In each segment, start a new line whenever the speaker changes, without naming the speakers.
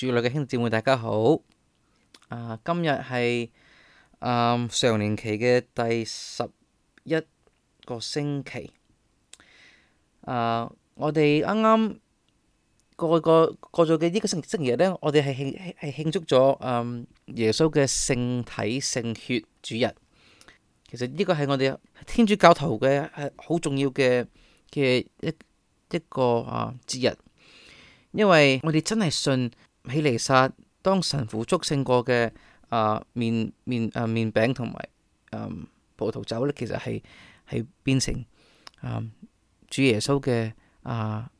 主內嘅兄弟姊妹，大家好！啊，今日係啊上年期嘅第十一個星期啊、嗯，我哋啱啱過個過咗嘅呢個星期星期日咧，我哋係慶係慶祝咗啊、嗯、耶穌嘅聖體聖血主日。其實呢個係我哋天主教徒嘅係好重要嘅嘅一一個啊節日，因為我哋真係信。喺彌撒，當神父祝聖過嘅啊、呃、麵麵啊麵餅同埋嗯葡萄酒咧，其實係係變成啊、呃、主耶穌嘅啊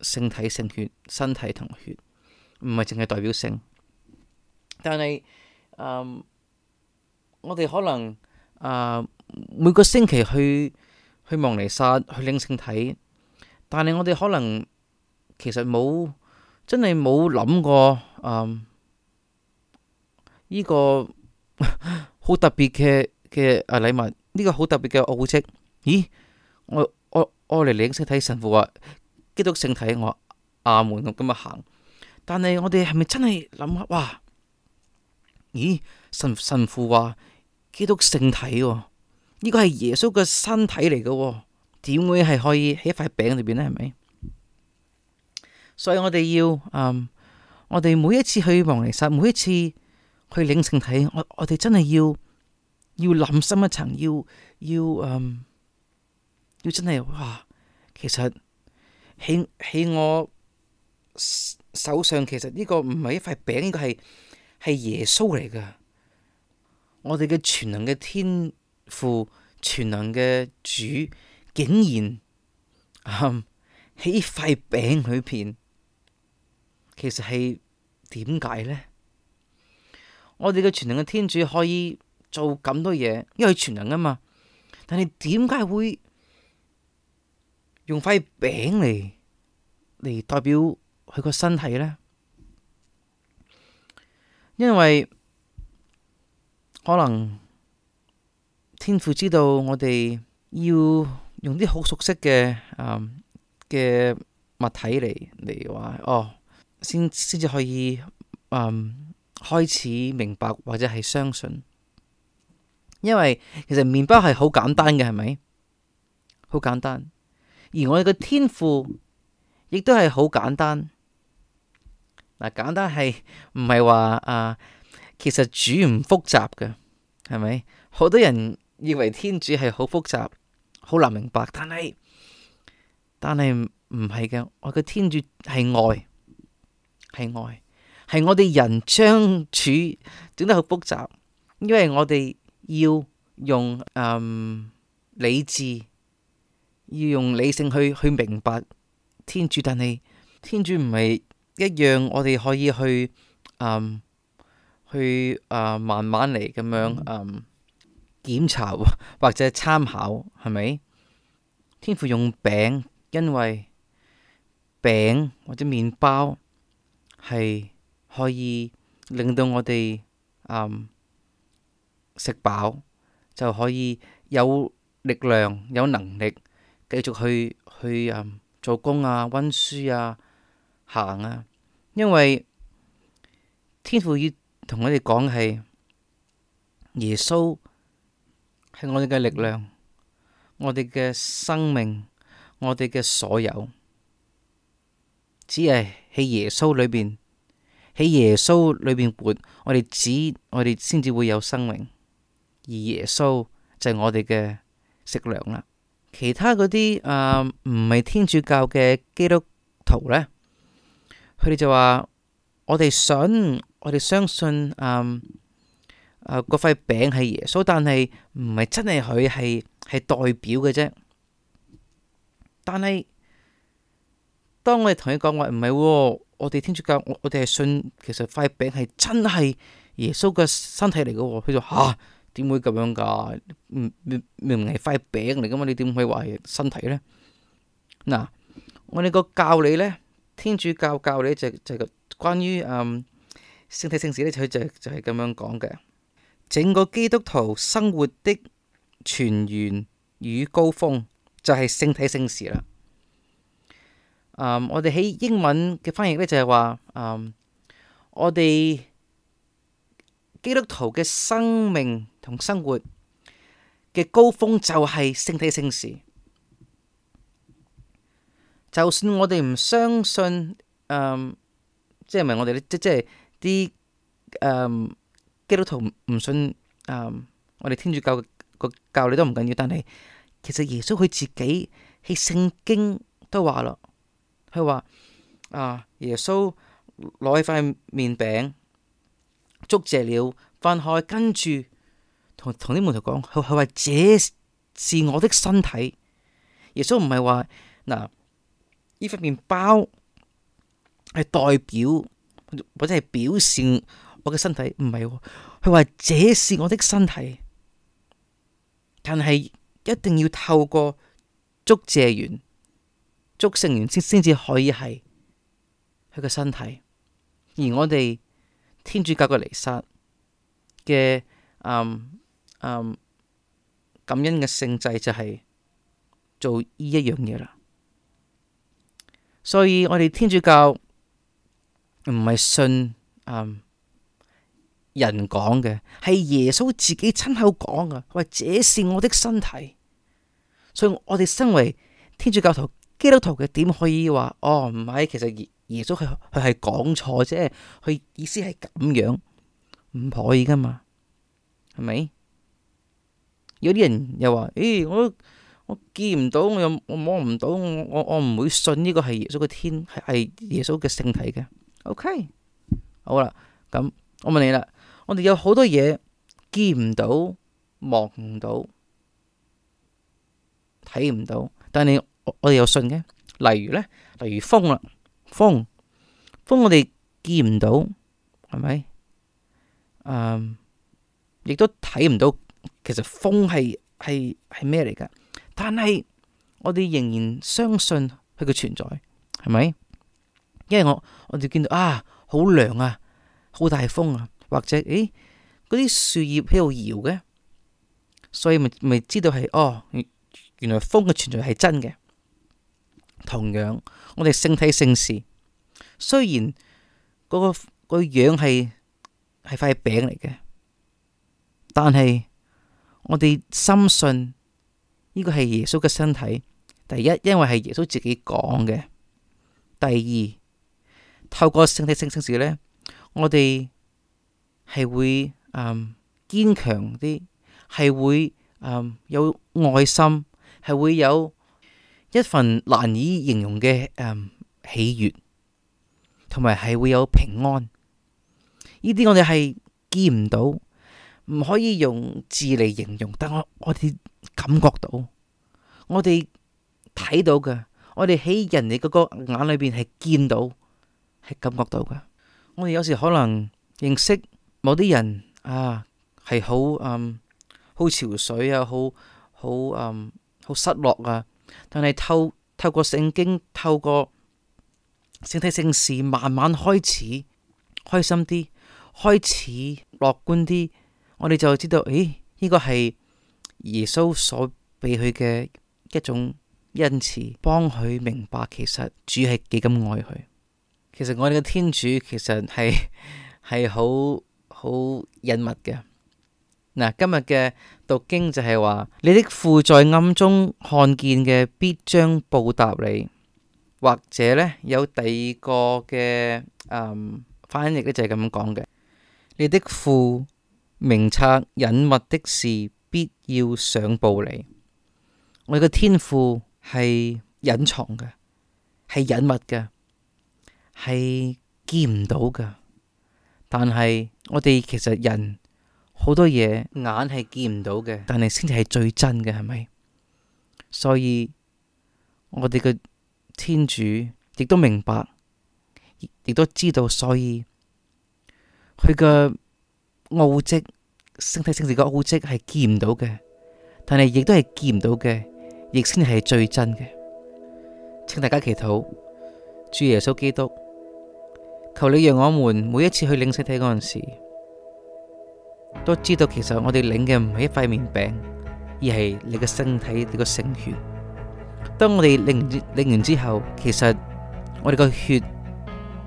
聖體聖血身體同血，唔係淨係代表性。但係嗯、呃、我哋可能啊、呃、每個星期去去望彌撒去領聖體，但係我哋可能其實冇。真係冇諗過，嗯，呢、這個好 特別嘅嘅啊禮物，呢、這個好特別嘅奧跡。咦，我我我嚟領聖體神父話，啊，基督聖體，我阿門咁今日行。但係我哋係咪真係諗下？哇，咦，神神父話、啊、基督聖體、啊，呢、這個係耶穌嘅身體嚟嘅、啊，點會係可以喺一塊餅裏邊呢？係咪？所以我哋要，嗯、um,，我哋每一次去望彌撒，每一次去領聖體，我我哋真係要，要諗深一層，要要，嗯、um,，要真係，哇，其實喺喺我手上，其實呢個唔係一塊餅，呢、這個係係耶穌嚟噶，我哋嘅全能嘅天父，全能嘅主，竟然，喺、um, 塊餅裏邊。其實係點解呢？我哋嘅全能嘅天主可以做咁多嘢，因為佢全能啊嘛。但係點解會用塊餅嚟嚟代表佢個身體呢？因為可能天父知道我哋要用啲好熟悉嘅啊嘅物體嚟嚟話哦。先先至可以嗯開始明白或者係相信，因為其實麵包係好簡單嘅，係咪？好簡單，而我哋嘅天父亦都係好簡單。嗱，簡單係唔係話啊？其實主唔複雜嘅，係咪？好多人認為天主係好複雜，好難明白，但係但係唔係嘅，我嘅天主係愛。係愛，係我哋人將處整得好複雜，因為我哋要用嗯理智，要用理性去去明白天主，但係天主唔係一樣，我哋可以去嗯去啊、呃、慢慢嚟咁樣嗯檢查或者參考，係咪？天父用餅，因為餅或者麵包。係可以令到我哋嗯、um, 食飽，就可以有力量、有能力繼續去去嗯、um, 做工啊、溫書啊、行啊。因為天父要同我哋講係耶穌係我哋嘅力量、我哋嘅生命、我哋嘅所有，只係。喺耶穌裏邊，喺耶穌裏邊活，我哋只我哋先至會有生命。而耶穌就係我哋嘅食糧啦。其他嗰啲啊唔係天主教嘅基督徒呢，佢哋就話我哋想，我哋相信啊啊嗰塊餅係耶穌，但係唔係真係佢係係代表嘅啫。但係。當我哋同佢講話，唔係，我哋天主教，我我哋係信，其實塊餅係真係耶穌嘅身體嚟嘅。佢就吓，點會咁樣噶？明明係塊餅嚟噶嘛，你點可以話係身體咧？嗱，我哋個教理咧，天主教教理就就關於誒聖體聖事咧，佢就就就係咁樣講嘅。整個基督徒生活的全源與高峰就係聖體聖事啦。誒，um, 我哋喺英文嘅翻譯呢，就係話，誒、um，我哋基督徒嘅生命同生活嘅高峰就係聖體聖事。就算我哋唔相信，即係咪我哋啲即即係啲基督徒唔信，誒、嗯，我哋天主教個教理，都唔緊要，但係其實耶穌佢自己喺聖經都話啦。佢話：啊，耶穌攞起塊麵餅，祝謝了，分開，跟住同同啲門徒講，佢佢話這是我的身體。耶穌唔係話嗱呢塊麵包係代表或者係表示我嘅身體，唔係。佢話這是我的身體，但係一定要透過祝謝完。祝聖完先，先至可以係佢嘅身體。而我哋天主教嘅彌撒嘅，感恩嘅聖祭就係做呢一樣嘢啦。所以我哋天主教唔係信、嗯、人講嘅，係耶穌自己親口講嘅，話這是我的身體。所以我哋身為天主教徒。基督徒嘅，點可以話哦唔係，其實耶穌係佢係講錯啫，佢意思係咁樣唔可以噶嘛係咪？有啲人又話，咦、哎，我我見唔到，我又我望唔到，我我我唔會信呢個係耶穌嘅天，係係耶穌嘅聖體嘅。OK，好啦，咁我問你啦，我哋有好多嘢見唔到、望唔到、睇唔到，但係你。我我哋有信嘅。例如咧，例如風啦，風風我哋見唔到，係咪？嗯，亦都睇唔到，其實風係係係咩嚟噶？但係我哋仍然相信佢嘅存在，係咪？因為我我哋見到啊，好涼啊，好大風啊，或者誒嗰啲樹葉喺度搖嘅，所以咪咪知道係哦，原來風嘅存在係真嘅。同樣，我哋聖體聖事，雖然嗰個個樣係係塊餅嚟嘅，但係我哋深信呢個係耶穌嘅身體。第一，因為係耶穌自己講嘅；第二，透過聖體聖事咧，我哋係會嗯堅強啲，係會嗯有愛心，係會有。一份難以形容嘅誒喜悅，同埋係會有平安，呢啲我哋係見唔到，唔可以用字嚟形容，但我我哋感覺到，我哋睇到嘅，我哋喺人哋嗰個眼裏邊係見到，係感覺到嘅。我哋有時可能認識某啲人啊，係好嗯好潮水啊，好好嗯好失落啊。但係透透過聖經，透過聖體聖事，慢慢開始開心啲開始樂觀啲，我哋就知道，咦、哎、呢、這個係耶穌所俾佢嘅一種恩賜，幫佢明白其實主係幾咁愛佢。其實我哋嘅天主其實係係好好隱密嘅。嗱，今日嘅讀經就係話，你的父在暗中看見嘅，必將報答你。或者咧，有第二個嘅，嗯，翻譯咧就係咁講嘅。你的父明察隱密的事，必要賞報你。我哋個天父係隱藏嘅，係隱密嘅，係見唔到噶。但係我哋其實人。好多嘢眼係見唔到嘅，但係先至係最真嘅，係咪？所以，我哋嘅天主亦都明白，亦都知道，所以佢嘅奧蹟，聖體聖事嗰個奧蹟係見唔到嘅，但係亦都係見唔到嘅，亦先係最真嘅。請大家祈禱，主耶穌基督，求你讓我們每一次去領聖體嗰陣時。都知道，其實我哋領嘅唔係一塊麵餅，而係你個身體，你個聖血。當我哋領完領完之後，其實我哋個血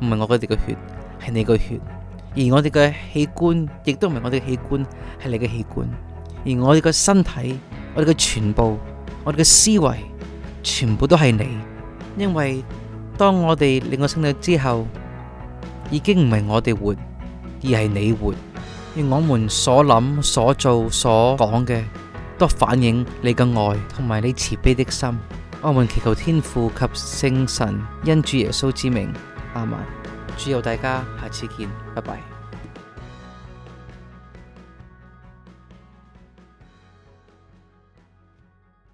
唔係我哋個血，係你個血；而我哋個器官亦都唔係我哋個器官，係你個器官；而我哋個身體、我哋嘅全部、我哋嘅思維，全部都係你。因為當我哋領咗聖體之後，已經唔係我哋活，而係你活。願我們所諗、所做、所講嘅，都反映你嘅愛同埋你慈悲的心。我們祈求天父及聖神，因主耶穌之名，阿們。主佑大家，下次見，拜拜。